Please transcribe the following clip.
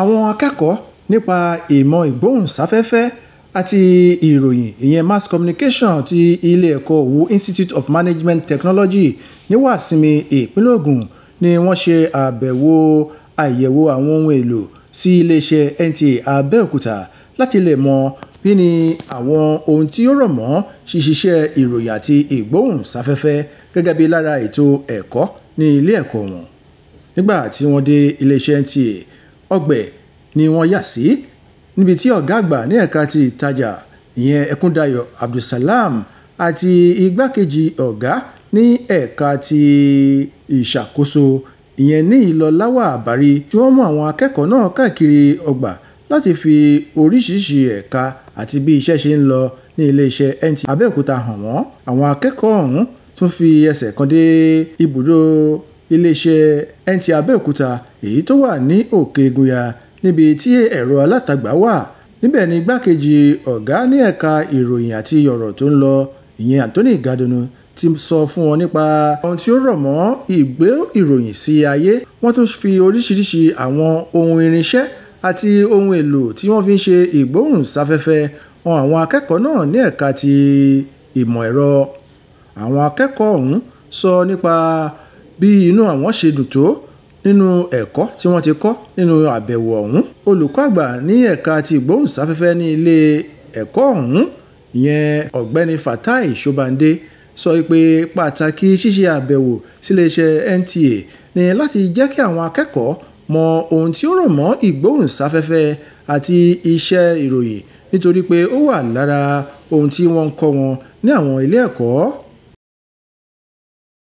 àwọn akẹ́kọ̀ọ́ nípa ìmọ̀ ìgbóhùnsáfẹ́fẹ́ àti ìròyìn ìyẹn mass communication ti ilé ẹ̀kọ́ Òwu Institute of Management Technology ní Wàsinmi ìpínlẹ̀ Ògùn ni wọ́n ṣe àbẹ̀wò àyẹ̀wò àwọn ohun èlò sí iléeṣẹ́ NTA Abẹ́òkúta láti lè mọ bí ni àwọn ohun tí ó rọ̀ mọ́ ṣíṣiṣẹ́ ìròyìn àti ìgbóhùnsáfẹ́fẹ́ gẹ́gẹ́ bí lára ètò ẹ̀kọ́ ní ilé ẹ̀kọ́ wọn nígbà tí wọ́n dé iléeṣẹ́ NTA ọgbẹ̀ ni wọ́n yà sí níbi tí ọ̀gá àgbà ní ẹ̀ka ti ìtajà ìyẹn ẹkúndayọ̀ abdulsalam àti igbákejì ọ̀gá ní ẹ̀ka ti ìṣàkóso ìyẹn ní ìlọláwà àbárí tí wọ́n mú àwọn akẹ́kọ̀ọ́ náà káàkiri ọgbà láti fi oríṣiríṣi ẹ̀ka àti bí iṣẹ́ ṣe ń lọ ní iléeṣẹ́ NTA Abẹ́òkúta hàn wọ́n àwọn akẹ́kọ̀ọ́ ọ̀hún tún fi ẹsẹ̀ kan dé ibùdó iléeṣẹ́ NTA Abẹ́òkúta èyí tó wà ní òkè Ìgòyà níbi tí ẹ̀rọ alátagbà wà níbẹ̀ ni igbákejì ọ̀gá ní ẹ̀ka ìròyìn àti ọ̀rọ̀ tó ń lọ ìyẹn Anthony Gadonu ti sọ fún wọn nípa ohun tí ó rọ̀ mọ́ ìgbé ìròyìn sí ayé wọ́n tún fi oríṣiríṣi àwọn ohun irinṣẹ́ àti ohun èlò tí wọ́n fi ń ṣe ìgbóhùnsáfẹ́fẹ́ han àwọn akẹ́kọ̀ọ́ náà ní ẹ̀ka ti ìmọ̀ ẹ̀rọ àwọn akẹ́kọ̀ọ́ ọ̀hún sọ nípa bí inú àwọn ṣe dùn tó nínú ẹ̀kọ́ tí wọ́n ti kọ́ nínú àbẹ̀wò ọ̀hún olùkọ́ àgbà ní ẹ̀ka ti ìgbóhùnsáfẹ́fẹ́ ní ilé ẹ̀kọ́ ọ̀hún ìyẹn ọ̀gbẹ́ni Fatai Shobande sọ pé pàtàkì ṣíṣe àbẹ̀wò síléeṣẹ́ NTA ni láti jẹ́ kí àwọn akẹ́kọ̀ọ́ mọ ohun tí ó rọ̀ mọ́ ìgbóhùnsáfẹ́fẹ́ àti iṣẹ́ ìròyìn nítorí pé ó wà lára ohun tí wọ́n ń kọ́ wọn ní àwọn ilé ẹ̀kọ́